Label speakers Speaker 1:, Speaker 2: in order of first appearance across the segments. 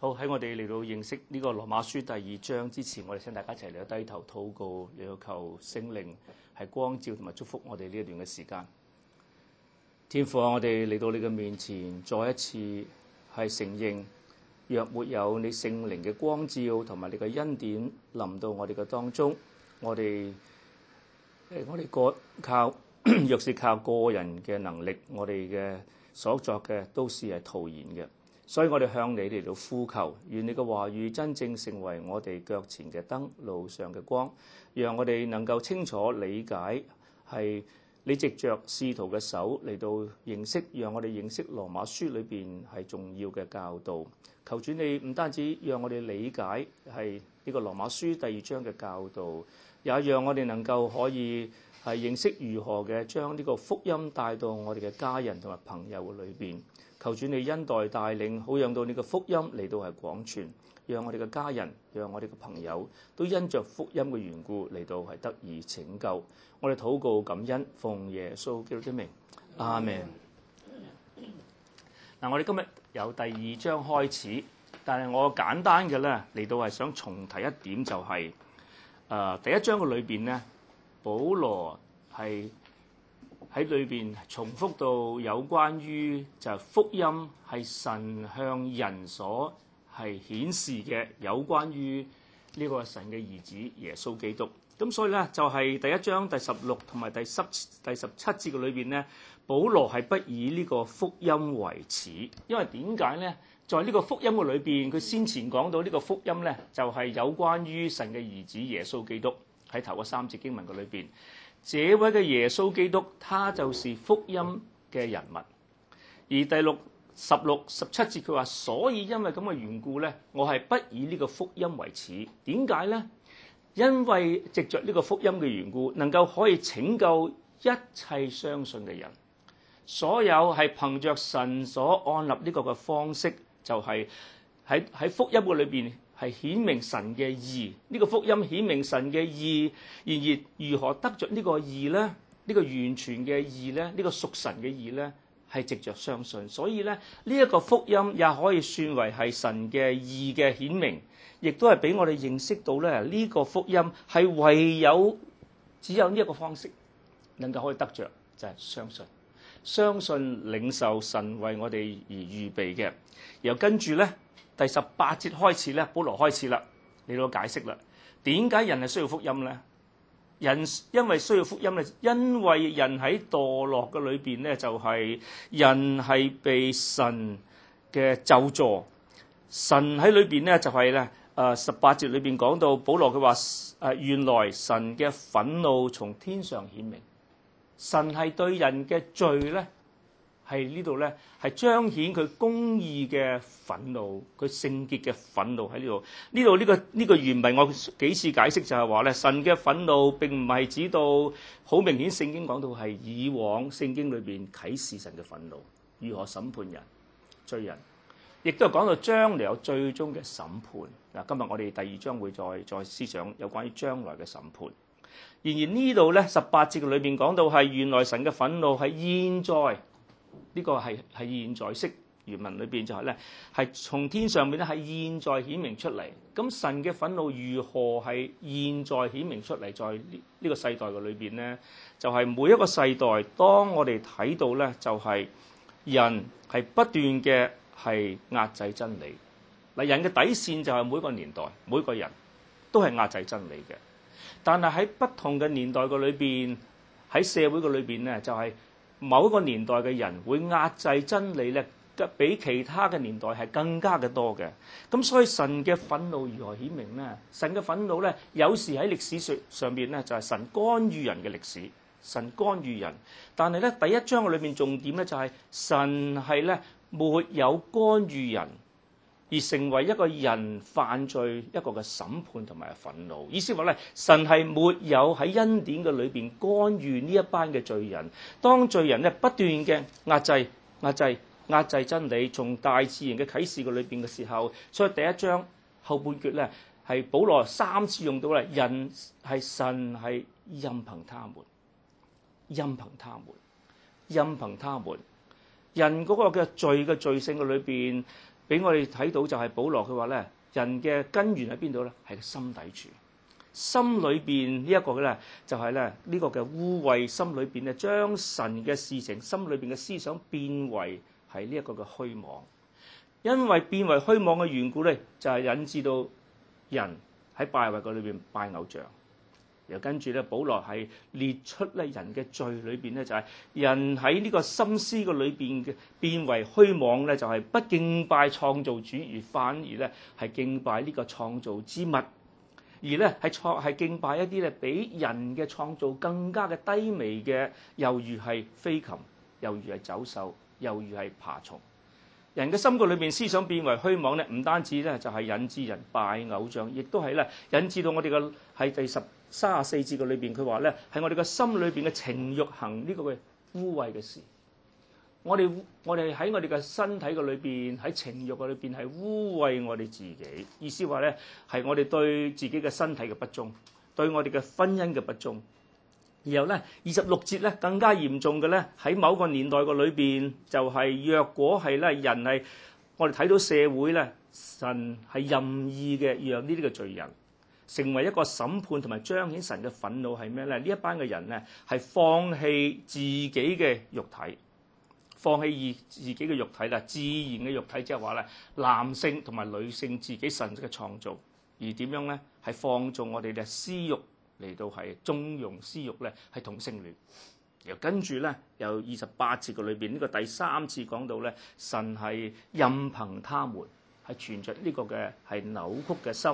Speaker 1: 好，喺我哋嚟到認識呢個羅馬書第二章之前，我哋請大家一齊嚟到低頭禱告，嚟求聖靈係光照同埋祝福我哋呢一段嘅時間。天父啊，我哋嚟到你嘅面前，再一次係承認，若沒有你聖靈嘅光照同埋你嘅恩典臨到我哋嘅當中，我哋誒我哋個靠， 若是靠個人嘅能力，我哋嘅所作嘅都是係徒然嘅。所以我哋向你嚟到呼求，願你嘅話語真正成為我哋腳前嘅燈、路上嘅光，讓我哋能夠清楚理解係你藉著使徒嘅手嚟到認識，讓我哋認識羅馬書裏邊係重要嘅教導，求主你唔單止讓我哋理解係呢個羅馬書第二章嘅教導，也讓我哋能夠可以係認識如何嘅將呢個福音帶到我哋嘅家人同埋朋友嘅裏邊。求主你恩待帶領，好讓到你嘅福音嚟到係廣傳，讓我哋嘅家人，讓我哋嘅朋友都因着福音嘅緣故嚟到係得以拯救。我哋禱告感恩，奉耶穌基督之名，阿門。嗱、啊，我哋今日由第二章開始，但係我簡單嘅咧嚟到係想重提一點，就是，就係誒第一章嘅裏邊咧，保羅係。喺裏邊重複到，有關於就係福音係神向人所係顯示嘅，有關於呢個神嘅兒子耶穌基督。咁所以咧就係第一章第十六同埋第十、第十七節嘅裏邊咧，保羅係不以呢個福音為恥，因為點解咧？在呢個福音嘅裏邊，佢先前講到呢個福音咧，就係有關於神嘅兒子耶穌基督喺頭嗰三節經文嘅裏邊。這位嘅耶穌基督，他就是福音嘅人物。而第六、十六、十七節佢話：所以因為咁嘅緣故呢，我係不以呢個福音為恥。點解呢？因為藉着呢個福音嘅緣故，能夠可以拯救一切相信嘅人。所有係憑着神所按立呢個嘅方式，就係喺、喺福音嘅裏邊。係顯明神嘅義，呢、這個福音顯明神嘅義，然而如何得着呢個義呢？呢、這個完全嘅義呢？呢、這個屬神嘅義呢？係藉着相信。所以呢，呢、這、一個福音也可以算為係神嘅義嘅顯明，亦都係俾我哋認識到咧，呢、這個福音係唯有只有呢一個方式能夠可以得着，就係、是、相信，相信領受神為我哋而預備嘅。然後跟住呢。第十八節開始咧，保羅開始啦，你都解釋啦，點解人係需要福音咧？人因為需要福音咧，因為人喺墮落嘅裏邊咧，就係人係被神嘅咒詛。神喺裏邊咧、就是，就係咧，誒，十八節裏邊講到保羅佢話誒，原來神嘅憤怒從天上顯明，神係對人嘅罪咧。係呢度呢，係彰顯佢公義嘅憤怒，佢聖潔嘅憤怒喺呢度。呢度呢個呢、呢個原文，我幾次解釋就係話咧，神嘅憤怒並唔係指到好明顯。聖經講到係以往聖經裏面啟示神嘅憤怒如何審判人，罪人，亦都係講到將來有最終嘅審判嗱。今日我哋第二章會再再思想有關於將來嘅審判。然而呢度呢，十八節裏面講到係原來神嘅憤怒係現在。呢個係係現在式原文裏邊就係呢，係從天上面咧係現在顯明出嚟。咁神嘅憤怒如何係現在顯明出嚟？在呢個世代嘅裏邊呢，就係、是、每一個世代，當我哋睇到呢，就係、是、人係不斷嘅係壓制真理。嗱，人嘅底線就係每個年代、每個人都係壓制真理嘅。但係喺不同嘅年代嘅裏邊，喺社會嘅裏邊呢，就係、是。某一個年代嘅人會壓制真理咧，比其他嘅年代係更加嘅多嘅。咁所以神嘅憤怒如何顯明呢？神嘅憤怒咧，有時喺歷史書上邊咧，就係、是、神干預人嘅歷史。神干預人，但係咧第一章嘅裏面重點咧，就係、是、神係咧沒有干預人。而成為一個人犯罪一個嘅審判同埋憤怒，意思話咧，神係沒有喺恩典嘅裏面干預呢一班嘅罪人。當罪人咧不斷嘅壓制、壓制、壓制真理，從大自然嘅啟示嘅裏邊嘅時候，所以第一章後半段咧，係保羅三次用到咧，人係神係任憑他們，任憑他們，任憑他們，人嗰個嘅罪嘅罪性嘅裏邊。俾我哋睇到就係保羅佢話咧，人嘅根源喺邊度咧？係心底處，心裏邊呢一個咧，就係咧呢個嘅污穢，心裏邊咧將神嘅事情，心裏邊嘅思想變為係呢一個嘅虛妄，因為變為虛妄嘅緣故咧，就係、是、引致到人喺拜物嘅裏面拜偶像。又跟住咧，保羅係列出咧人嘅罪裏邊咧，就係、是、人喺呢個心思嘅裏邊嘅變為虛妄咧，就係、是、不敬拜創造主義，而反而咧係敬拜呢個創造之物，而咧係創係敬拜一啲咧比人嘅創造更加嘅低微嘅，猶如係飛禽，猶如係走獸，猶如係爬蟲。人嘅心個裏邊思想變為虛妄咧，唔單止咧就係引致人拜偶像，亦都係咧引致到我哋嘅喺第十。三十四節嘅裏邊，佢話咧係我哋嘅心裏邊嘅情欲行呢、這個嘅污穢嘅事。我哋我哋喺我哋嘅身體嘅裏邊，喺情欲嘅裏邊係污穢我哋自己。意思話咧係我哋對自己嘅身體嘅不忠，對我哋嘅婚姻嘅不忠。然後咧二十六節咧更加嚴重嘅咧喺某個年代嘅裏邊，就係、是、若果係咧人係我哋睇到社會咧，神係任意嘅讓呢啲嘅罪人。成為一個審判同埋彰顯神嘅憤怒係咩咧？呢一班嘅人咧係放棄自己嘅肉，肉體，放棄自己嘅肉體啦，自然嘅肉體，即係話咧男性同埋女性自己神職嘅創造，而點樣咧係放縱我哋嘅私欲，嚟到係縱容私欲咧，係同性戀。又跟住咧，有二十八節個裏邊呢個第三次講到咧，神係任憑他們係存着呢個嘅係扭曲嘅心。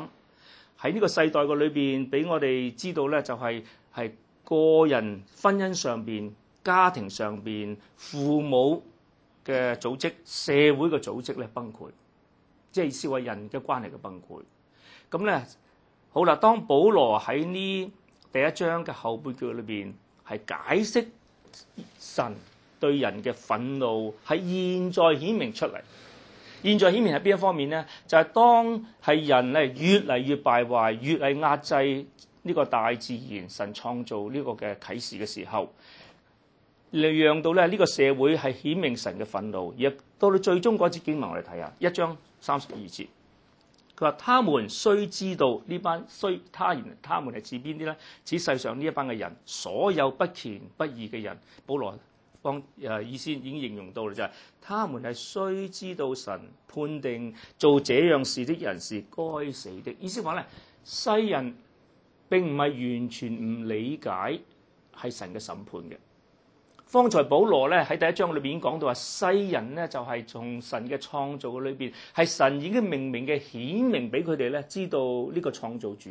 Speaker 1: 喺呢個世代個裏邊，俾我哋知道咧、就是，就係係個人婚姻上邊、家庭上邊、父母嘅組織、社會嘅組織咧崩潰，即係意思係人嘅關係嘅崩潰。咁咧，好啦，當保羅喺呢第一章嘅後半句裏邊係解釋神對人嘅憤怒，喺現在顯明出嚟。現在顯明係邊一方面咧？就係、是、當係人咧越嚟越敗壞，越嚟壓制呢個大自然神創造呢個嘅啟示嘅時候，嚟讓到咧呢個社會係顯明神嘅憤怒。而到到最終嗰節經文我哋睇下，一章三十二節，佢話：他們雖知道呢班雖，他原他們係指邊啲咧？指世上呢一班嘅人，所有不虔不義嘅人。保羅。當誒意思已經形容到啦，就係他們係雖知道神判定做這樣事的人是該死的。意思話咧，世人並唔係完全唔理解係神嘅審判嘅。方才保羅咧喺第一章裏邊已經講到話，世人咧就係從神嘅創造裏邊，係神已經明明嘅顯明俾佢哋咧知道呢個創造主。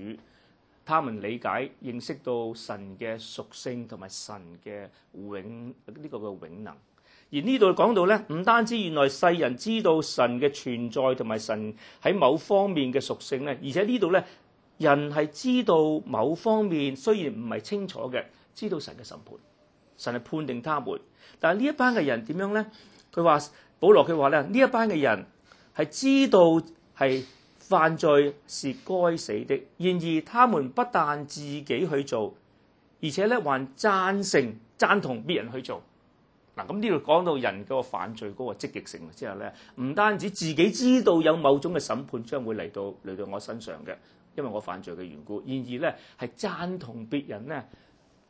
Speaker 1: 他們理解，認識到神嘅屬性同埋神嘅永呢、這個嘅永能而，而呢度講到咧，唔單止原來世人知道神嘅存在同埋神喺某方面嘅屬性咧，而且呢度咧，人係知道某方面雖然唔係清楚嘅，知道神嘅審判，神係判定他們。但係呢一班嘅人點樣咧？佢話保羅佢話咧，呢一班嘅人係知道係。犯罪是該死的，然而他們不但自己去做，而且咧還贊成贊同別人去做。嗱，咁呢度講到人嗰個犯罪嗰個積極性之後咧，唔單止自己知道有某種嘅審判將會嚟到嚟到我身上嘅，因為我犯罪嘅緣故，然而咧係贊同別人咧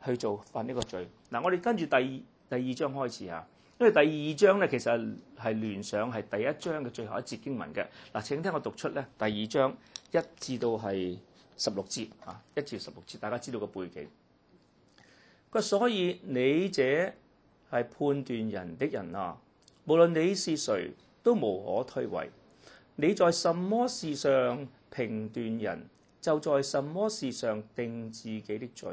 Speaker 1: 去做犯呢個罪。嗱，我哋跟住第二第二章開始啊。因為第二章咧，其實係聯想係第一章嘅最後一節經文嘅。嗱，請聽我讀出咧，第二章一至到係十六節啊，一至十六節，大家知道個背景。所以你者係判斷人的人啊，無論你是誰都無可推諉。你在什麼事上評斷人，就在什麼事上定自己的罪。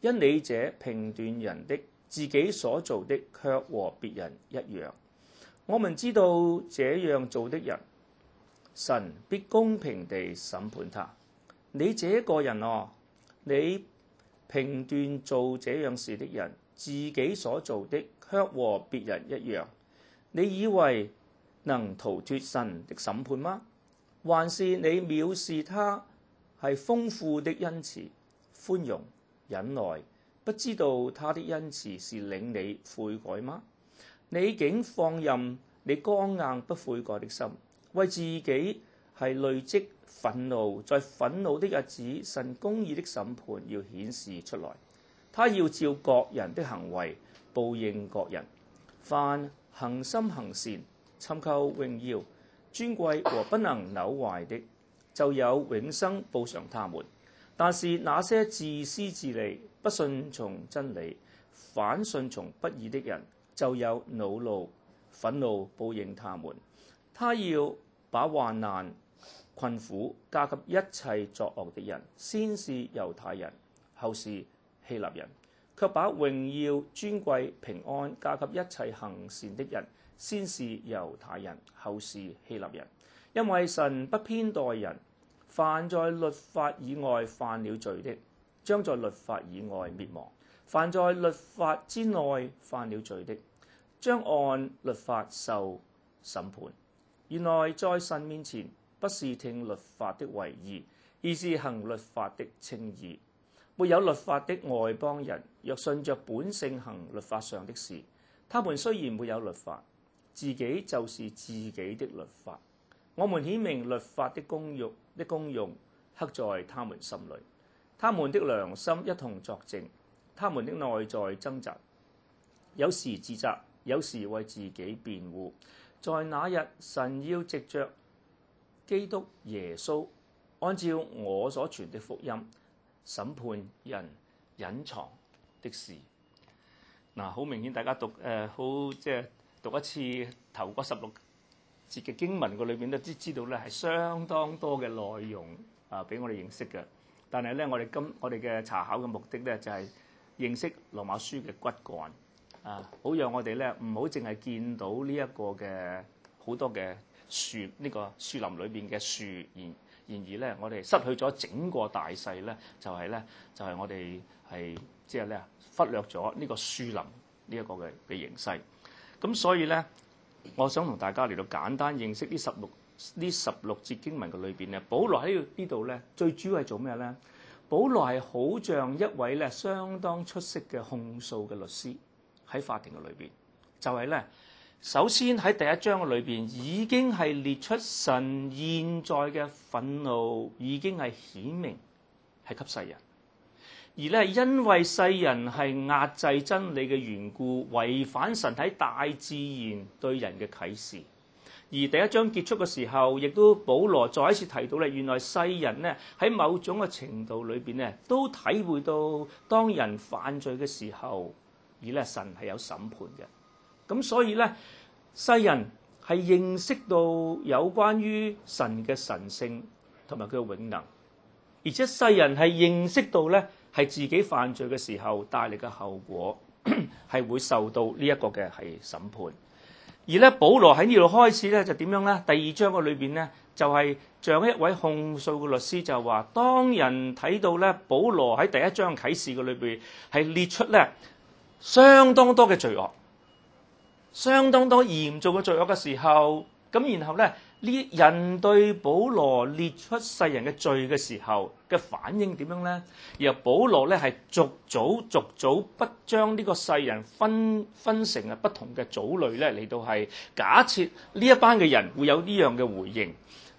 Speaker 1: 因你者評斷人的，自己所做的卻和別人一樣，我們知道這樣做的人，神必公平地審判他。你這個人哦、啊，你評斷做這樣事的人，自己所做的卻和別人一樣，你以為能逃脱神的審判嗎？還是你藐視他係豐富的恩慈、寬容、忍耐？不知道他的恩慈是領你悔改嗎？你竟放任你剛硬不悔改的心，為自己係累積憤怒，在憤怒的日子，神公義的審判要顯示出來。他要照各人的行為報應各人。凡恆心行善、尋求榮耀、尊貴和不能扭壞的，就有永生報償他們。但是那些自私自利、不順從真理、反順從不義的人，就有惱怒、憤怒報應他們，他要把患難、困苦加給一切作惡的人，先是猶太人，後是希臘人；卻把榮耀、尊貴、平安加給一切行善的人，先是猶太人，後是希臘人。因為神不偏待人。凡在律法以外犯了罪的，將在律法以外滅亡；凡在律法之內犯了罪的，將按律法受審判。原來在神面前不是聽律法的為義，而是行律法的稱義。沒有律法的外邦人，若順着本性行律法上的事，他們雖然沒有律法，自己就是自己的律法。我們顯明律法的功用。的功用刻在他們心裏，他們的良心一同作證，他們的內在掙扎，有時自責，有時為自己辯護，在那日，神要藉着基督耶穌按照我所傳的福音，審判人隱藏的事。嗱、嗯，好明顯大家讀誒、呃，好即係讀一次頭嗰十六。嘅經文個裏邊都知知道咧，係相當多嘅內容啊，俾我哋認識嘅。但係咧，我哋今我哋嘅查考嘅目的咧，就係認識羅馬書嘅骨幹啊，好讓我哋咧唔好淨係見到呢一個嘅好多嘅樹，呢個樹林裏邊嘅樹，然然而咧，我哋失去咗整個大勢咧，就係咧，就係我哋係即係咧忽略咗呢個樹林呢一個嘅嘅形勢。咁所以咧。我想同大家嚟到簡單認識呢十六呢十六節經文嘅裏邊咧，保羅喺呢度咧，最主要係做咩咧？保羅係好像一位咧相當出色嘅控訴嘅律師，喺法庭嘅裏邊，就係咧，首先喺第一章嘅裏邊已經係列出神現在嘅憤怒已經係顯明係給世人。而咧，因為世人係壓制真理嘅緣故，違反神喺大自然對人嘅啟示。而第一章結束嘅時候，亦都保羅再一次提到咧，原來世人呢，喺某種嘅程度裏邊呢，都體會到當人犯罪嘅時候，而咧神係有審判嘅。咁所以呢，世人係認識到有關於神嘅神性同埋佢嘅永能，而且世人係認識到呢。係自己犯罪嘅時候帶嚟嘅後果，係會受到呢一個嘅係審判。而咧，保羅喺呢度開始咧就點樣咧？第二章嘅裏邊咧就係像一位控訴嘅律師就話：當人睇到咧保羅喺第一章啟示嘅裏邊係列出咧相當多嘅罪惡，相當多嚴重嘅罪惡嘅時候，咁然後咧。呢人對保羅列出世人嘅罪嘅時候嘅反應點樣呢？然後保羅咧係逐組逐組不將呢個世人分分成，啊不同嘅組類咧，嚟到係假設呢一班嘅人會有呢樣嘅回應，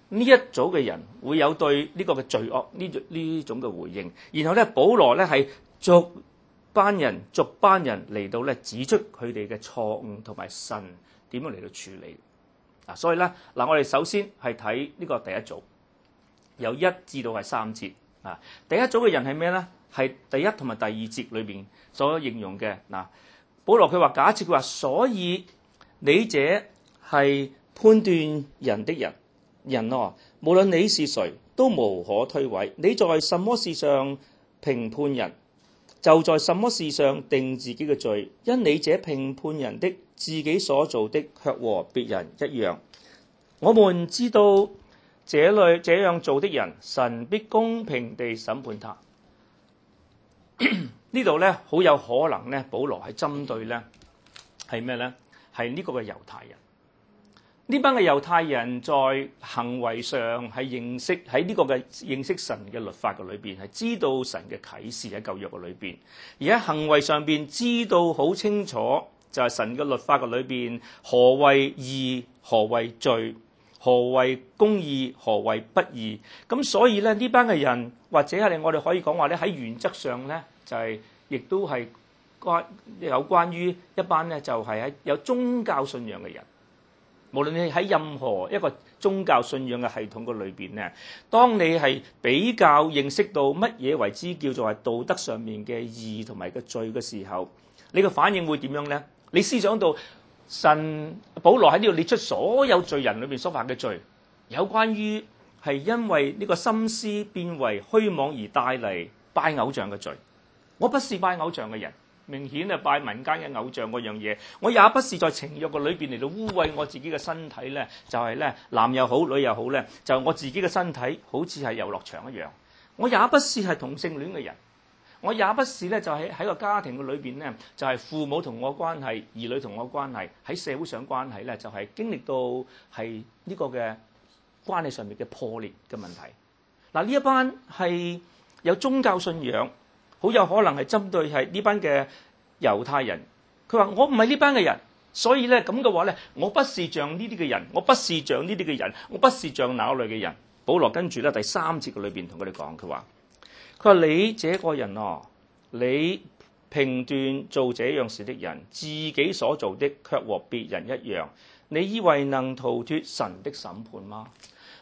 Speaker 1: 呢一組嘅人會有對呢個嘅罪惡呢呢種嘅回應，然後咧保羅咧係逐班人逐班人嚟到咧指出佢哋嘅錯誤同埋神點樣嚟到處理。嗱，所以咧，嗱，我哋首先係睇呢個第一組由一至到係三節。啊，第一組嘅人係咩咧？係第一同埋第二節裏面所形容嘅。嗱，保羅佢話：假設佢話，所以你者係判斷人的人，人哦、啊，無論你是誰，都無可推諉。你在什麼事上評判人，就在什麼事上定自己嘅罪。因你者評判人的。自己所做的卻和別人一樣。我們知道這類這樣做的人，神必公平地審判他。呢度咧，好有可能咧，保羅係針對咧係咩咧？係呢個嘅猶太人。呢班嘅猶太人在行為上係認識喺呢個嘅認識神嘅律法嘅裏邊，係知道神嘅啟示喺舊約嘅裏邊，而喺行為上邊知道好清楚。就係、是、神嘅律法嘅裏邊，何為義？何為罪？何為公義？何為不義？咁所以咧，呢班嘅人或者係我哋可以講話咧，喺原則上咧，就係、是、亦都係關有關於一班咧，就係喺有宗教信仰嘅人。無論你喺任何一個宗教信仰嘅系統嘅裏邊咧，當你係比較認識到乜嘢為之叫做係道德上面嘅義同埋嘅罪嘅時候，你嘅反應會點樣咧？你思想到神，保羅喺呢度列出所有罪人裏邊所犯嘅罪，有關於係因為呢個心思變為虛妄而帶嚟拜偶像嘅罪。我不是拜偶像嘅人，明顯啊，拜民間嘅偶像嗰樣嘢。我也不是在情欲嘅裏邊嚟到污穢我自己嘅身體咧，就係咧男又好女又好咧，就係我自己嘅身體好似係遊樂場一樣。我也不是係同性戀嘅人。我也不是咧，就喺喺個家庭嘅裏面咧，就係父母同我關係，兒女同我關係，喺社會上關係咧，就係經歷到係呢個嘅關係上面嘅破裂嘅問題。嗱，呢一班係有宗教信仰，好有可能係針對係呢班嘅猶太人。佢話：我唔係呢班嘅人，所以咧咁嘅話咧，我不是像呢啲嘅人，我不是像呢啲嘅人，我不是像那類嘅人。保羅跟住咧第三節嘅裏面同佢哋講，佢話。佢話：你這個人哦、啊，你評斷做這樣事的人，自己所做的卻和別人一樣。你以為能逃脫神的審判嗎？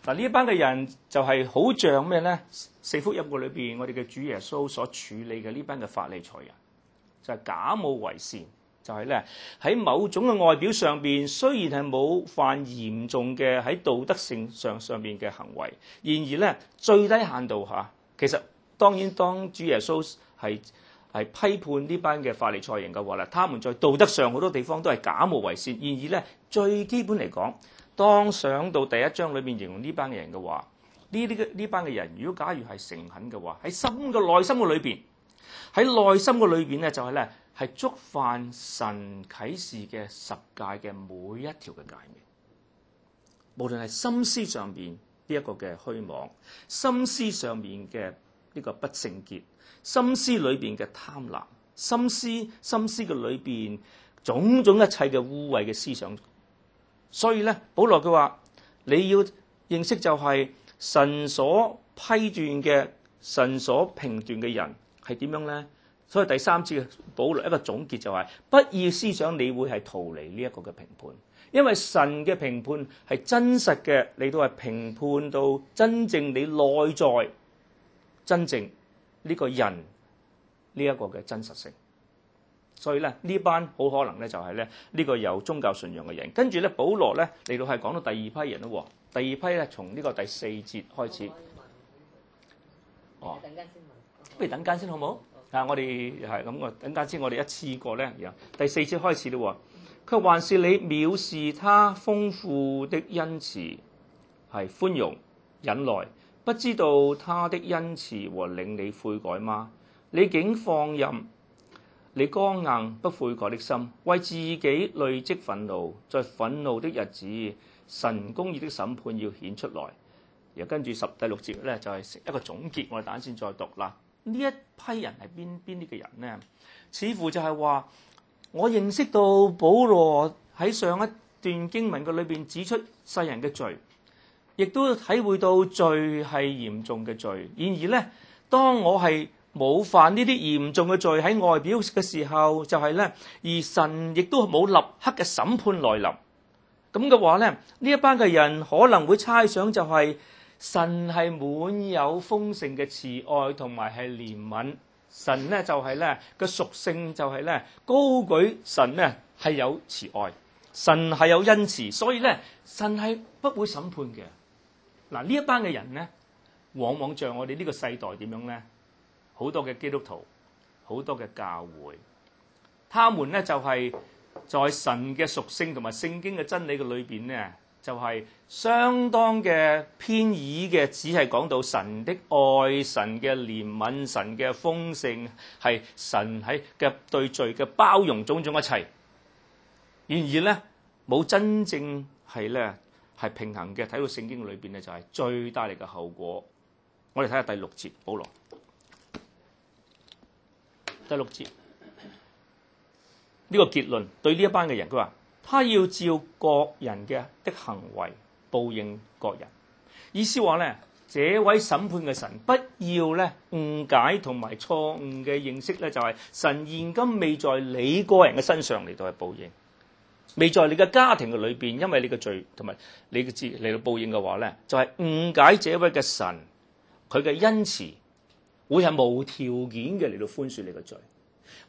Speaker 1: 嗱，呢班嘅人就係好像咩呢？四福音嘅裏邊，我哋嘅主耶穌所處理嘅呢班嘅法利賽人，就係、是、假冒為善，就係、是、呢，喺某種嘅外表上邊，雖然係冇犯嚴重嘅喺道德性上上邊嘅行為，然而呢，最低限度嚇，其實。當然，當主耶穌係係批判呢班嘅法利賽人嘅話啦，他們在道德上好多地方都係假冒為善，然而咧，最基本嚟講，當上到第一章裏面形容呢班嘅人嘅話，呢啲呢班嘅人，如果假如係誠懇嘅話，喺心嘅內心嘅裏邊，喺內心嘅裏邊咧就係咧係觸犯神啟示嘅十戒嘅每一條嘅戒面，無論係心思上面呢一個嘅虛妄，心思上面嘅。呢、這個不聖潔，心思裏邊嘅貪婪，心思心思嘅裏邊種種一切嘅污穢嘅思想，所以咧，保羅佢話：你要認識就係神所批斷嘅、神所評斷嘅人係點樣咧。所以第三次保羅一個總結就係、是：不要思想你會係逃離呢一個嘅評判，因為神嘅評判係真實嘅，你都係評判到真正你內在。真正呢個人呢一個嘅真實性，所以咧呢班好可能咧就係咧呢個有宗教信仰嘅人呢，跟住咧保羅咧嚟到係講到第二批人咯喎，第二批咧從呢個第四節開始。哦，不如等間先，不如等間先好唔好？啊，我哋又係咁我等間先，我哋一次過咧，第四節開始嘞喎。佢還是你藐視他豐富的恩慈，係寬容忍耐。不知道他的恩慈和令你悔改嗎？你竟放任你剛硬不悔改的心，為自己累積憤怒。在憤怒的日子，神公義的審判要顯出來。然後跟住十第六節咧就係、是、一個總結，我哋等先再讀啦。呢一批人係邊邊啲嘅人咧？似乎就係話我認識到保羅喺上一段經文嘅裏邊指出世人嘅罪。亦都體會到罪係嚴重嘅罪。然而呢，當我係冇犯呢啲嚴重嘅罪喺外表嘅時候，就係呢。而神亦都冇立刻嘅審判來臨。咁嘅話呢，呢一班嘅人可能會猜想就係神係滿有豐盛嘅慈愛同埋係憐憫。神呢，就係呢個屬性就係呢高舉神呢係有慈愛，神係有恩慈，所以呢，神係不會審判嘅。嗱，呢一班嘅人咧，往往像我哋呢個世代點樣咧？好多嘅基督徒，好多嘅教會，他們咧就係在神嘅屬性同埋聖經嘅真理嘅裏邊咧，就係相當嘅偏倚嘅，只係講到神的愛、神嘅憐憫、神嘅豐盛，係神喺嘅對罪嘅包容，種種一切，然而咧冇真正係咧，係平衡嘅，睇到聖經裏邊呢，就係最大力嘅後果。我哋睇下第六節，保羅第六節呢個結論對呢一班嘅人，佢話：他要照各人嘅的行為報應各人。意思話呢，這位審判嘅神不要呢誤解同埋錯誤嘅認識呢，就係神現今未在你個人嘅身上嚟到去報應，未在你嘅家庭嘅裏邊，因為你嘅罪同埋你嘅罪嚟到報應嘅話咧，就係、是、誤解這位嘅神，佢嘅恩慈會係無條件嘅嚟到寬恕你嘅罪，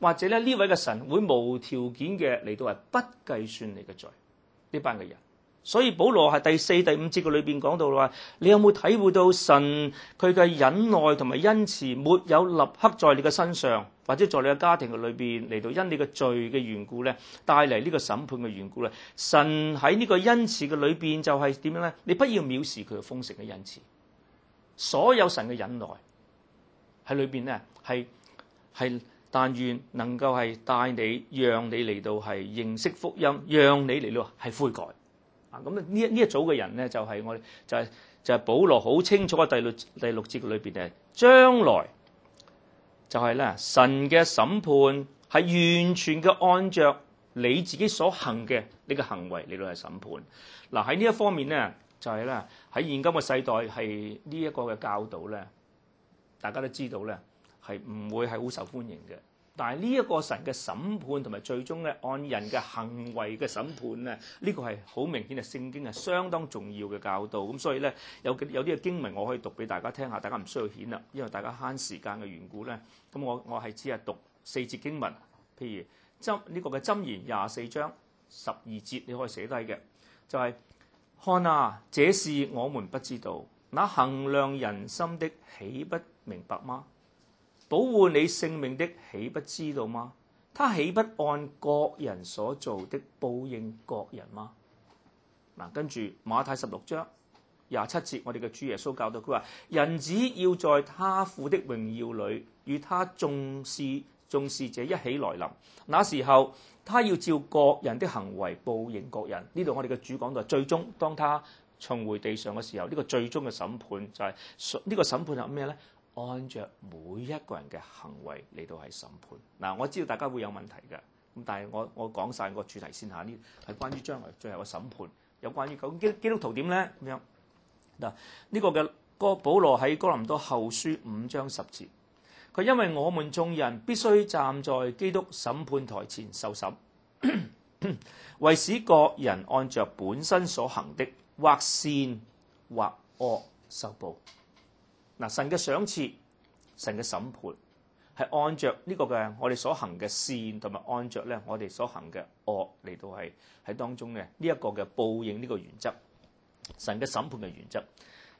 Speaker 1: 或者咧呢位嘅神會無條件嘅嚟到係不計算你嘅罪，呢班嘅人。所以保羅係第四、第五節嘅裏邊講到啦，你有冇體會到神佢嘅忍耐同埋恩慈沒有立刻在你嘅身上，或者在你嘅家庭嘅裏邊嚟到因你嘅罪嘅緣故咧，帶嚟呢個審判嘅緣故咧？神喺呢個恩慈嘅裏邊就係點樣咧？你不要藐視佢嘅豐盛嘅恩慈，所有神嘅忍耐喺裏邊咧，係係但願能夠係帶你，讓你嚟到係認識福音，讓你嚟到係悔改。咁呢一呢一組嘅人咧，就係我，就係就係保羅好清楚嘅第六第六節裏面誒，將來就係咧神嘅審判係完全嘅按著你自己所行嘅呢個行為嚟到嚟審判。嗱，喺呢一方面咧，就係咧喺現今嘅世代係呢一個嘅教導咧，大家都知道咧，係唔會係好受歡迎嘅。但係呢一個神嘅審判同埋最終咧按人嘅行為嘅審判咧，呢、這個係好明顯嘅聖經係相當重要嘅教導。咁所以咧有有啲嘅經文我可以讀俾大家聽下，大家唔需要顯啦，因為大家慳時間嘅緣故咧。咁我我係只係讀四節經文，譬如《箴》呢、這個嘅箴言廿四章十二節，你可以寫低嘅，就係、是、看啊，這事我們不知道，那衡量人心的，豈不明白嗎？保護你性命的，豈不知道嗎？他豈不按各人所做的報應各人嗎？嗱，跟住馬太十六章廿七節，我哋嘅主耶穌教導佢話：人子要在他父的榮耀裏，與他重視重視者一起來臨。那時候，他要照各人的行為報應各人。呢度我哋嘅主講到，最終當他重回地上嘅時候，呢、這個最終嘅審判就係、是、呢、這個審判係咩呢？按著每一個人嘅行為嚟到係審判，嗱我知道大家會有問題嘅，咁但係我我講晒個主題先吓，呢係關於將來最後嘅審判，有關於咁基督基督徒點呢咁樣？嗱、這、呢個嘅哥保羅喺哥林多後書五章十節，佢因為我們眾人必須站在基督審判台前受審，咳咳為使各人按着本身所行的，或善或惡受報。嗱，神嘅賞賜，神嘅審判，係按着呢個嘅我哋所行嘅善，同埋按着咧我哋所行嘅惡嚟到係喺當中嘅呢一個嘅報應呢個原則，神嘅審判嘅原則。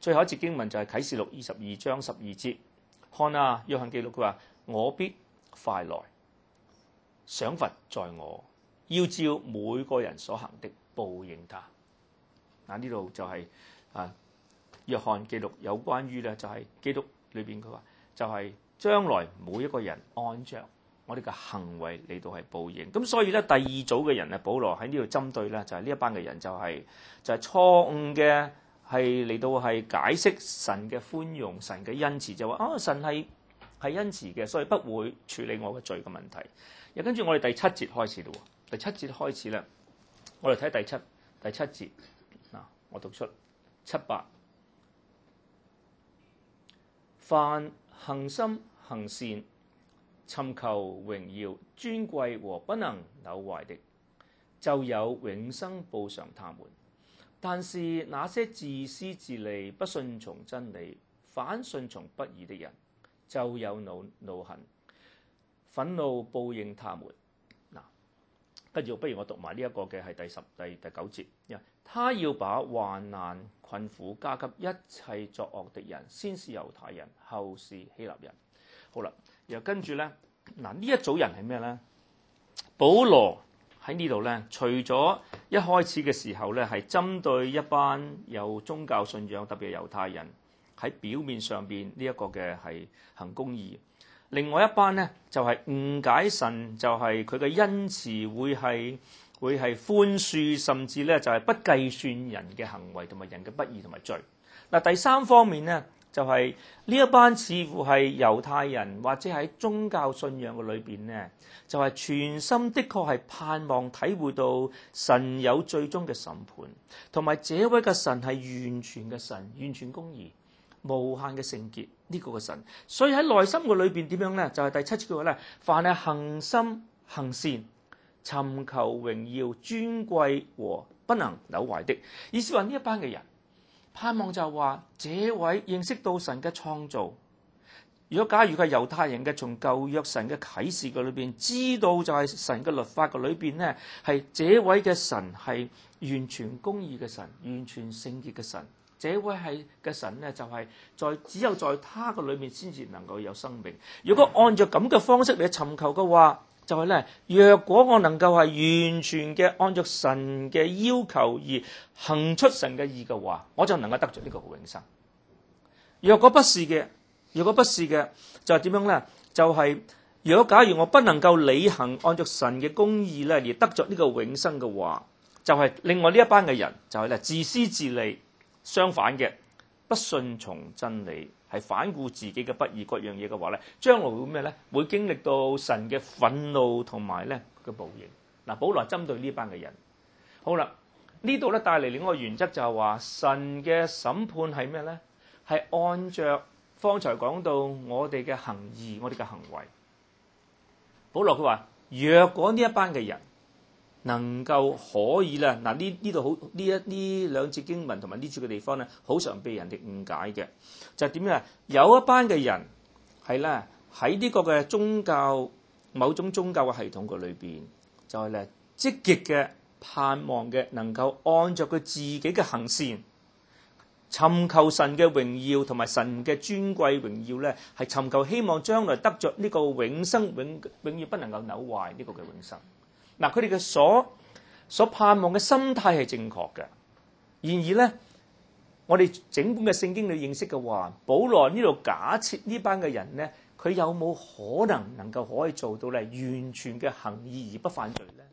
Speaker 1: 最後一節經文就係啟示錄二十二章十二節，看啊，約翰記錄佢話：我必快來，賞罰在我，要照每個人所行的報應他。嗱，呢度就係啊。約翰記錄有關於咧，就係基督裏邊佢話，就係將來每一個人按著我哋嘅行為嚟到係報應。咁所以咧，第二組嘅人啊，保羅喺呢度針對咧，就係呢一班嘅人就係就係錯誤嘅，係嚟到係解釋神嘅寬容、神嘅恩慈，就話啊神係係恩慈嘅，所以不會處理我嘅罪嘅問題。又跟住我哋第七節開始啦，第七節開始啦，我哋睇第七第七節嗱，我讀出七八。凡恆心行善、尋求榮耀尊貴和不能朽壞的，就有永生報償他們。但是那些自私自利、不順從真理、反順從不義的人，就有惱惱恨、憤怒報應他們。嗱，跟住不如我讀埋呢一個嘅係第十第第九節。他要把患難困苦加給一切作惡的人，先是猶太人，後是希臘人好了。好啦，然後跟住呢，嗱呢一組人係咩呢？保羅喺呢度呢，除咗一開始嘅時候呢係針對一班有宗教信仰，特別係猶太人喺表面上面呢一個嘅係行公義，另外一班呢，就係、是、誤解神，就係佢嘅恩慈會係。會係寬恕，甚至咧就係不計算人嘅行為同埋人嘅不義同埋罪。嗱，第三方面呢，就係呢一班似乎係猶太人或者喺宗教信仰嘅裏邊呢，就係全心的確係盼望體會到神有最終嘅審判，同埋這位嘅神係完全嘅神，完全公義、無限嘅聖潔呢個嘅神。所以喺內心嘅裏邊點樣呢？就係第七句話呢，凡係恒心行善，尋求榮耀、尊貴和不能朽壞的，意思話呢一班嘅人盼望就話，這位認識到神嘅創造。如果假如佢係猶太人嘅，從舊約神嘅啟示嘅裏邊，知道就係神嘅律法嘅裏邊呢，係這位嘅神係完全公義嘅神，完全聖潔嘅神。這位係嘅神呢，就係在只有在他嘅裏面先至能夠有生命。如果按照咁嘅方式嚟尋求嘅話，就係、是、咧，若果我能夠係完全嘅按照神嘅要求而行出神嘅義嘅話，我就能夠得着呢個永生。若果不是嘅，若果不是嘅，就係、是、點樣咧？就係如果假如我不能夠履行按照神嘅公義咧而得着呢個永生嘅話，就係、是、另外、就是、呢一班嘅人就係咧自私自利、相反嘅、不順從真理。係反顧自己嘅不義各樣嘢嘅話咧，將來會咩咧？會經歷到神嘅憤怒同埋咧嘅報應。嗱，保羅針對呢班嘅人，好啦，呢度咧帶嚟另一個原則就係話神嘅審判係咩咧？係按照方才講到我哋嘅行義，我哋嘅行為。保羅佢話，若果呢一班嘅人。能夠可以啦，嗱，呢呢度好呢一呢兩節經文同埋呢處嘅地方咧，好常被人哋誤解嘅，就係點樣咧？有一班嘅人係咧喺呢個嘅宗教某種宗教嘅系統個裏邊，就係咧積極嘅盼望嘅，能夠按著佢自己嘅行線善尋求神嘅榮耀同埋神嘅尊貴榮耀咧，係尋求希望將來得著呢個永生永永遠不能夠扭壞呢個嘅永生。嗱，佢哋嘅所所盼望嘅心態係正確嘅。然而咧，我哋整本嘅聖經裡認識嘅話，保羅呢度假設呢班嘅人咧，佢有冇可能能夠可以做到咧完全嘅行義而不犯罪咧？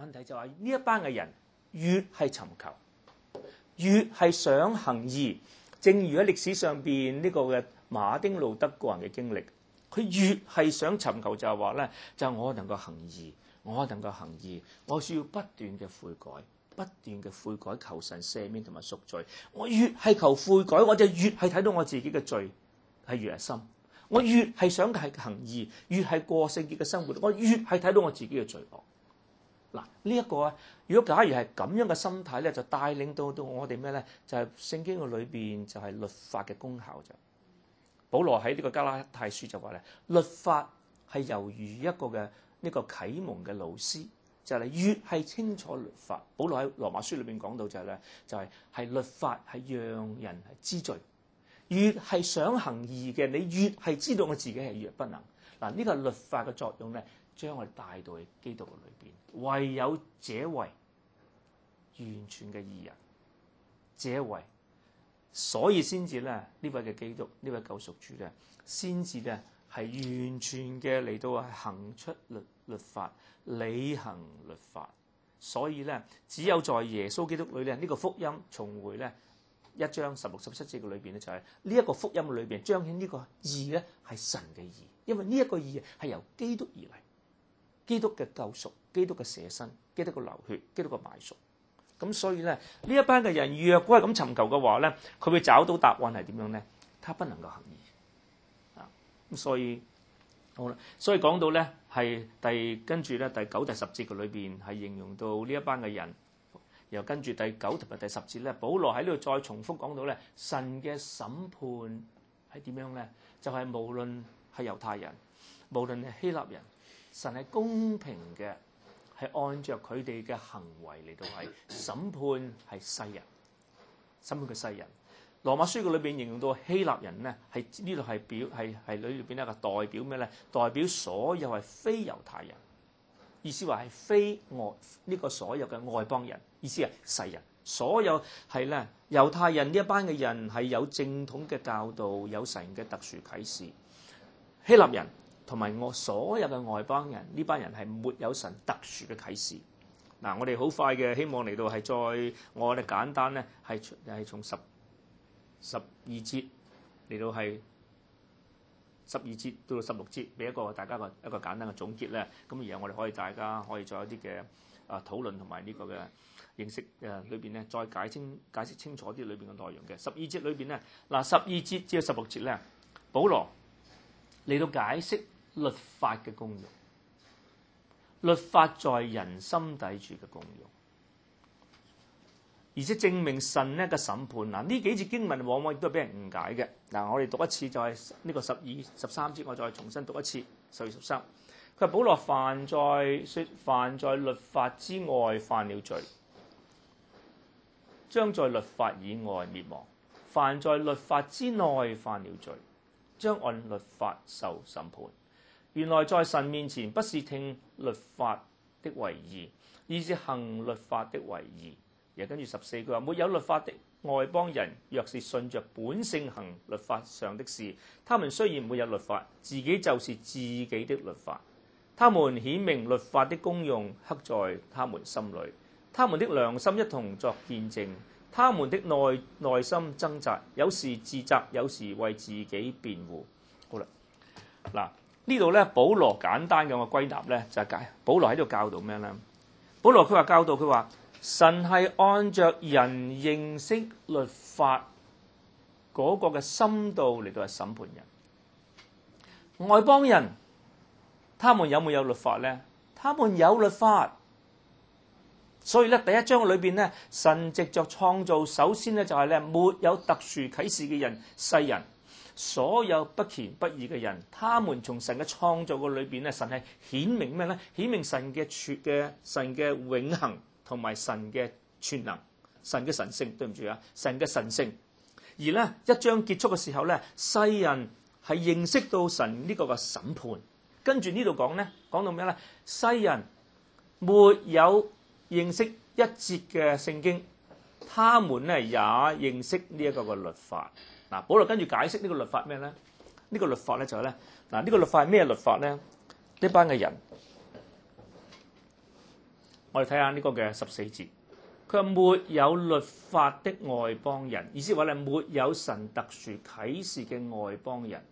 Speaker 1: 問題就係呢一班嘅人越係尋求，越係想行義，正如喺歷史上邊呢個嘅馬丁路德個人嘅經歷，佢越係想尋求就係話咧，就係我能夠行義。我能夠行義，我需要不斷嘅悔改，不斷嘅悔改求神赦免同埋贖罪。我越係求悔改，我就越係睇到我自己嘅罪係越係深。我越係想係行義，越係過聖潔嘅生活，我越係睇到我自己嘅罪惡。嗱，呢一個啊，如果假如係咁樣嘅心態咧，就帶領到到我哋咩咧？就係、是、聖經嘅裏邊就係律法嘅功效就。保羅喺呢個加拉太書就話咧，律法係猶如一個嘅。呢個啟蒙嘅老師就係越係清楚律法，保羅喺羅馬書裏面講到就係咧，就係律法係讓人知罪，越係想行義嘅，你越係知道我自己係越不能。嗱，呢個律法嘅作用咧，將我哋帶到去基督裏邊，唯有這位完全嘅義人，這位，所以先至咧呢位嘅基督，呢位救贖主呢，先至呢。係完全嘅嚟到係行出律律法，履行律法。所以咧，只有在耶穌基督裏咧，呢、這個福音重回咧一章十六十七節嘅裏邊咧，就係呢一個福音裏邊彰顯呢個義咧係神嘅義，因為呢一個義係由基督而嚟。基督嘅救贖，基督嘅捨身，基督嘅流血，基督嘅埋贖。咁所以咧，呢一班嘅人若如果係咁尋求嘅話咧，佢會找到答案係點樣咧？他不能夠行義。咁所以好啦，所以講到咧係第跟住咧第九第十節嘅裏邊係形容到呢一班嘅人，又跟住第九同埋第十節咧，保羅喺呢度再重複講到咧，神嘅審判係點樣咧？就係無論係猶太人，無論係希臘人，神係公平嘅，係按着佢哋嘅行為嚟到係審判係世人，審判嘅世人。羅馬書局裏邊形容到希臘人呢，係呢度係表係係裏邊一個代表咩呢？代表所有係非猶太人，意思話係非外呢個所有嘅外邦人。意思係，世人所有係咧猶太人呢一班嘅人係有正統嘅教導，有神嘅特殊啟示。希臘人同埋我所有嘅外邦人呢班人係沒有神特殊嘅啟示。嗱，我哋好快嘅希望嚟到係再我哋簡單呢，係係從十。十二節嚟到係十二節到十六節，俾一個大家個一個簡單嘅總結咧。咁而家我哋可以大家可以再一啲嘅啊討論同埋呢個嘅認識啊裏邊咧，再解清解釋清楚啲裏邊嘅內容嘅。十二節裏邊咧，嗱十二節至到十六節咧，保羅嚟到解釋律法嘅功用，律法在人心底住嘅功用。而且證明神呢個審判嗱，呢幾節經文往往都俾人誤解嘅嗱。我哋讀一次就係、是，呢個十二十三節，我再重新讀一次。十二十三，佢話：保羅凡在説凡在律法之外犯了罪，將在律法以外滅亡；凡在律法之內犯了罪，將按律法受審判。原來在神面前不是聽律法的為義，而是行律法的為義。跟住十四句話，沒有律法的外邦人，若是順着本性行律法上的事，他們雖然沒有律法，自己就是自己的律法，他們顯明律法的功用刻在他們心裏，他們的良心一同作見證，他們的內內心掙扎，有時自責，有時為自己辯護。好啦，嗱呢度咧，保羅簡單嘅我歸納咧，就係解，保羅喺度教導咩咧？保羅佢話教導佢話。神係按着人認識律法嗰個嘅深度嚟到去審判人。外邦人，他們有冇有律法咧？他們有律法，所以咧第一章裏邊咧，神藉着創造，首先咧就係咧沒有特殊啟示嘅人，世人所有不虔不義嘅人，他們從神嘅創造嘅裏邊咧，神係顯明咩咧？顯明神嘅嘅神嘅永恆。同埋神嘅全能，神嘅神聖，對唔住啊，神嘅神聖。而咧一章結束嘅時候咧，世人係認識到神呢個嘅審判。跟住呢度講咧，講到咩咧？世人沒有認識一節嘅聖經，他們咧也認識呢一個嘅律法。嗱，保羅跟住解釋呢個律法咩咧？呢個律法咧就係咧嗱，呢個律法係咩律法咧？呢班嘅人。我哋睇下呢個嘅十四節，佢話沒有律法的外邦人，意思話咧，沒有神特殊啟示嘅外邦人，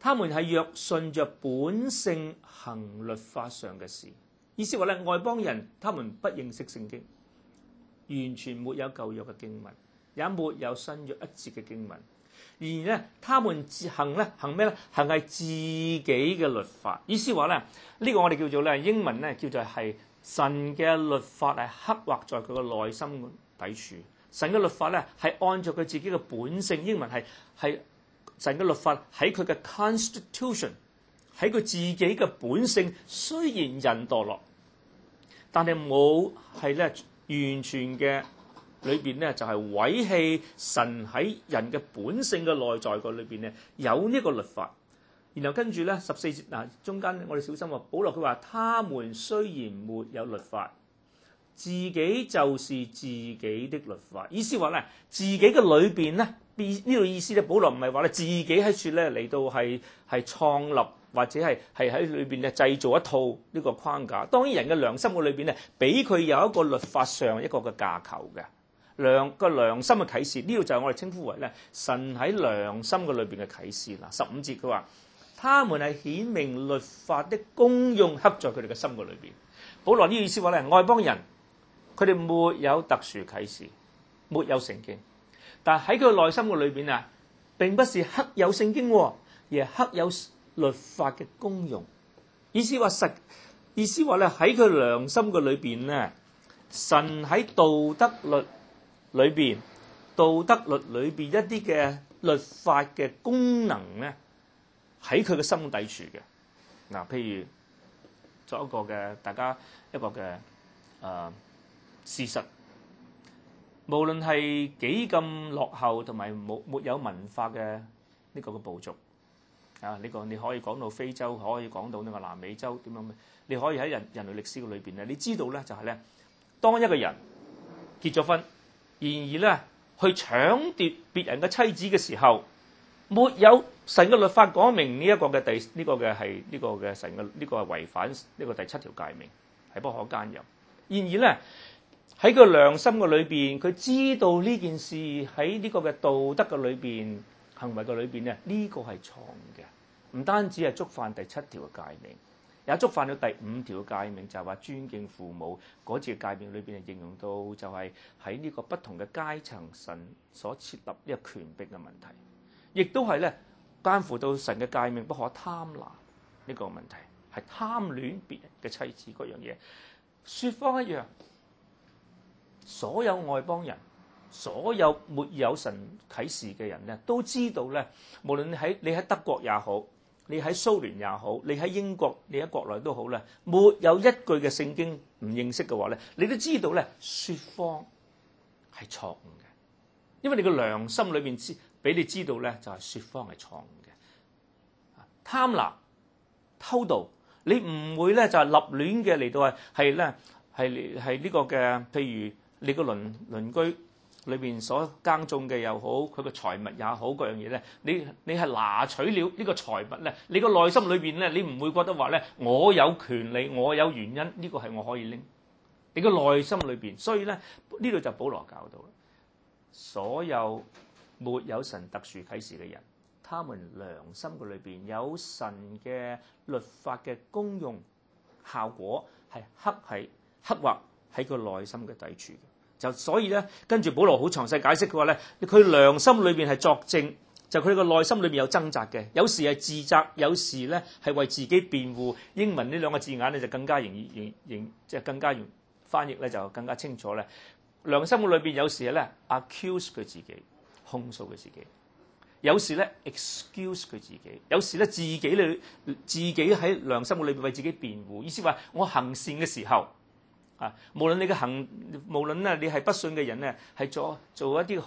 Speaker 1: 他們係若順著本性行律法上嘅事，意思話咧，外邦人他們不認識聖經，完全沒有舊約嘅經文，也沒有新約一節嘅經文。而咧，他們自行咧，行咩咧？行係自己嘅律法，意思話咧，呢、這個我哋叫做咧，英文咧叫做係神嘅律法係刻畫在佢個內心底處。神嘅律法咧係按照佢自己嘅本性，英文係係神嘅律法喺佢嘅 constitution，喺佢自己嘅本性。雖然人墮落，但係冇係咧完全嘅。裏邊咧就係毀棄神喺人嘅本性嘅內在個裏邊咧有呢個律法，然後跟住咧十四節嗱中間，我哋小心啊，保羅佢話他們雖然沒有律法，自己就是自己的律法，意思話咧自己嘅裏邊咧呢個意思咧，保羅唔係話咧自己喺說咧嚟到係係創立或者係係喺裏邊嘅製造一套呢個框架，當然人嘅良心嘅裏邊咧俾佢有一個律法上一個嘅架構嘅。良個良心嘅啟示，呢個就係我哋稱呼為咧神喺良心嘅裏邊嘅啟示嗱。十五節佢話：他們係顯明律法的功用刻在佢哋嘅心嘅裏邊。保羅呢個意思話咧外邦人佢哋沒有特殊啟示，沒有聖經，但喺佢內心嘅裏邊啊，並不是刻有聖經，而係刻有律法嘅功用。意思話實意思話咧喺佢良心嘅裏邊咧，神喺道德律。裏邊道德律裏邊一啲嘅律法嘅功能咧，喺佢嘅心底處嘅嗱，譬如作一個嘅大家一個嘅誒事實，無論係幾咁落後同埋冇沒有文化嘅呢個嘅部族啊，呢個你可以講到非洲，可以講到呢個南美洲點樣嘅，你可以喺人人類歷史嘅裏邊咧，你知道咧就係咧，當一個人結咗婚。然而咧，去搶奪別人嘅妻子嘅時候，沒有神嘅律法講明呢一、這個嘅第呢個嘅係呢個嘅神嘅呢個係違反呢、這個是第七條誡命係不可姦淫。然而咧喺佢良心嘅裏邊，佢知道呢件事喺呢個嘅道德嘅裏邊行為嘅裏邊咧，呢、這個係錯嘅，唔單止係觸犯第七條嘅誡命。也觸犯咗第五條嘅誡命，就係、是、話尊敬父母嗰條嘅誡命裏邊係應用到，就係喺呢個不同嘅階層，神所設立呢個權柄嘅問題，亦都係咧關乎到神嘅誡命不可貪婪呢個問題，係貪戀別人嘅妻子嗰樣嘢。説謊一樣，所有外邦人，所有沒有神啟示嘅人咧，都知道咧，無論喺你喺德國也好。你喺蘇聯也好，你喺英國、你喺國內都好啦，沒有一句嘅聖經唔認識嘅話咧，你都知道咧，説謊係錯誤嘅，因為你個良心裏面知俾你知道咧，就係、是、説謊係錯誤嘅。貪婪、偷渡，你唔會咧就係立亂嘅嚟到係係咧係係呢個嘅，譬如你個鄰鄰居。裏邊所耕種嘅又好，佢個財物也好，嗰樣嘢呢，你你係拿取了呢個財物呢？你個內心裏邊呢？你唔會覺得話呢：「我有權利，我有原因，呢個係我可以拎。」你個內心裏邊，所以呢，呢度就保羅教導啦。所有沒有神特殊啟示嘅人，他們良心嘅裏邊有神嘅律法嘅功用效果係刻喺刻畫喺佢內心嘅底處。就所以咧，跟住保羅好詳細解釋佢話咧，佢良心裏邊係作證，就佢、是、個內心裏面有掙扎嘅，有時係自責，有時咧係為自己辯護。英文呢兩個字眼咧就更加容易，易即係更加易翻譯咧就更加清楚咧。良心裏面有時係咧，accuse 佢自己控訴佢自己，有時咧 excuse 佢自己，有時咧自己你自己喺良心裏面為自己辯護，意思話我行善嘅時候。啊！無論你嘅行，無論咧你係不信嘅人咧，係做做一啲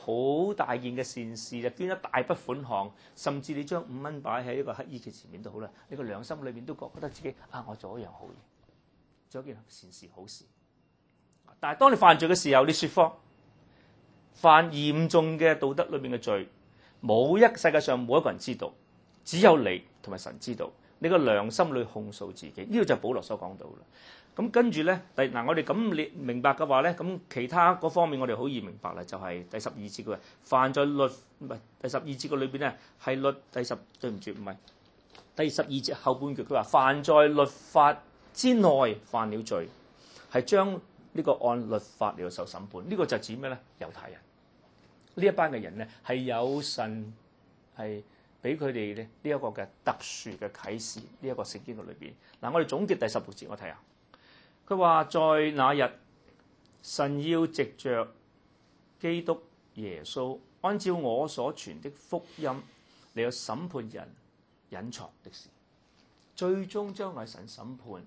Speaker 1: 好大件嘅善事，就捐一大筆款項，甚至你將五蚊擺喺一個乞衣嘅前面都好啦。你個良心裏邊都覺覺得自己啊，我做一樣好嘢，做一件善事好事。但係當你犯罪嘅時候，你說謊，犯嚴重嘅道德裏邊嘅罪，冇一世界上冇一個人知道，只有你同埋神知道。你個良心裏控訴自己，呢個就係保羅所講到啦。咁跟住咧，第嗱我哋咁樣明白嘅話咧，咁其他嗰方面我哋好易明白咧，就係第十二節嘅話，犯在律唔係第十二節嘅裏邊咧，係律第十，對唔住唔係第十二節後半句，佢話犯在律法之內犯了罪，係將呢個按律法嚟受審判。呢個就指咩咧？猶太人呢一班嘅人咧係有神係。俾佢哋咧呢一個嘅特殊嘅啟示，呢、這、一個聖經嘅裏邊。嗱，我哋總結第十六節，我睇下佢話：在那日，神要藉着基督耶穌，按照我所傳的福音嚟有審判人隱藏的事。最終將係神審判呢、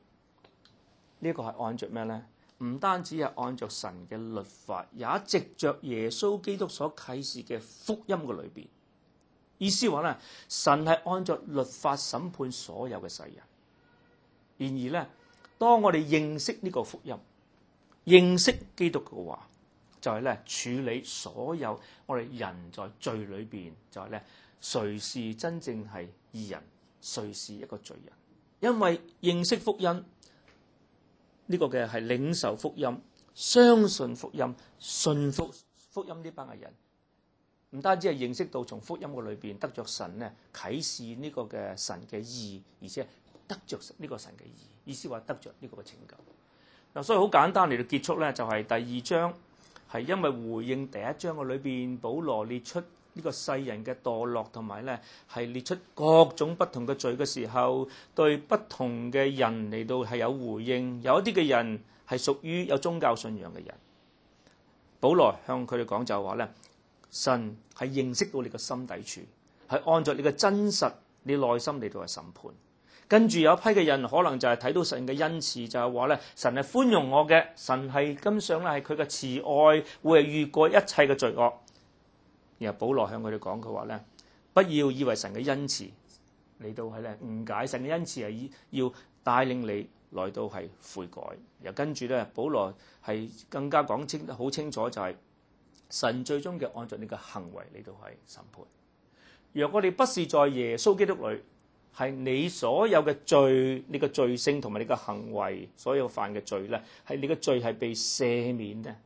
Speaker 1: 這個個係按着咩咧？唔單止係按着神嘅律法，也藉着耶穌基督所啟示嘅福音嘅裏邊。意思話咧，神係按着律法審判所有嘅世人。然而咧，當我哋認識呢個福音，認識基督嘅話，就係、是、咧處理所有我哋人在罪裏邊，就係、是、咧誰是真正係義人，誰是一個罪人？因為認識福音呢、這個嘅係領受福音、相信福音、信服福、福音呢班嘅人。唔單止係認識到從福音嘅裏面得著神咧，啟示呢個嘅神嘅義，而且得著呢個神嘅義，意思話得著呢個拯救。嗱，所以好簡單嚟到結束咧，就係、是、第二章係因為回應第一章嘅裏面，保羅列出呢個世人嘅墮落，同埋咧係列出各種不同嘅罪嘅時候，對不同嘅人嚟到係有回應。有一啲嘅人係屬於有宗教信仰嘅人，保羅向佢哋講就話咧。神係認識到你個心底處，係按着你嘅真實，你內心嚟到係審判。跟住有一批嘅人，可能就係睇到神嘅恩慈，就係話咧，神係寬容我嘅，神係欣賞係佢嘅慈愛，會係越過一切嘅罪惡。然後保羅向佢哋講佢話咧，不要以為神嘅恩慈嚟到係咧誤解神嘅恩慈係要帶領你來到係悔改。又跟住咧，保羅係更加講清好清楚就係、是。神最終嘅按照你嘅行為嚟到係審判。若果你不是在耶穌基督裏，係你所有嘅罪，你嘅罪性同埋你嘅行為所有犯嘅罪咧，係你嘅罪係被赦免咧，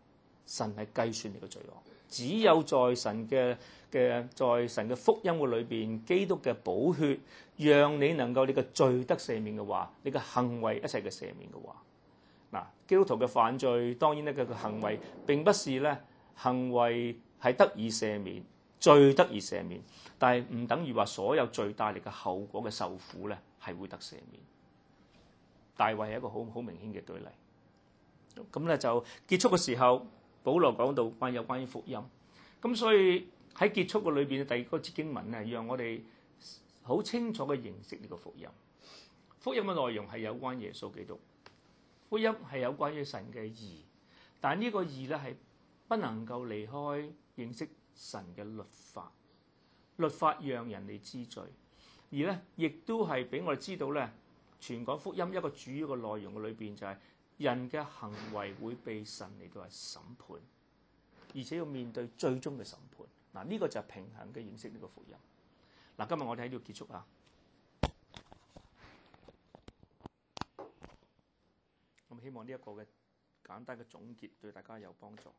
Speaker 1: 神係計算你嘅罪惡。只有在神嘅嘅在神嘅福音嘅裏邊，基督嘅寶血，讓你能夠你嘅罪得赦免嘅話，你嘅行為一齊嘅赦免嘅話。嗱，基督徒嘅犯罪，當然咧佢嘅行為並不是咧。行為係得以赦免，罪得以赦免，但係唔等於話所有罪大力嘅後果嘅受苦咧，係會得赦免。大衛係一個好好明顯嘅對例。咁咧就結束嘅時候，保羅講到關於關於福音。咁所以喺結束嘅裏邊，第二個節經文咧，讓我哋好清楚嘅認識呢個福音。福音嘅內容係有關耶穌基督，福音係有關於神嘅義，但呢個義咧係。不能夠離開認識神嘅律法，律法讓人哋知罪，而咧亦都係俾我哋知道咧，全港福音一個主要嘅內容裏邊就係人嘅行為會被神嚟到係審判，而且要面對最終嘅審判。嗱，呢個就係平衡嘅認識呢個福音。嗱，今日我哋喺度結束啊！咁希望呢一個嘅簡單嘅總結對大家有幫助。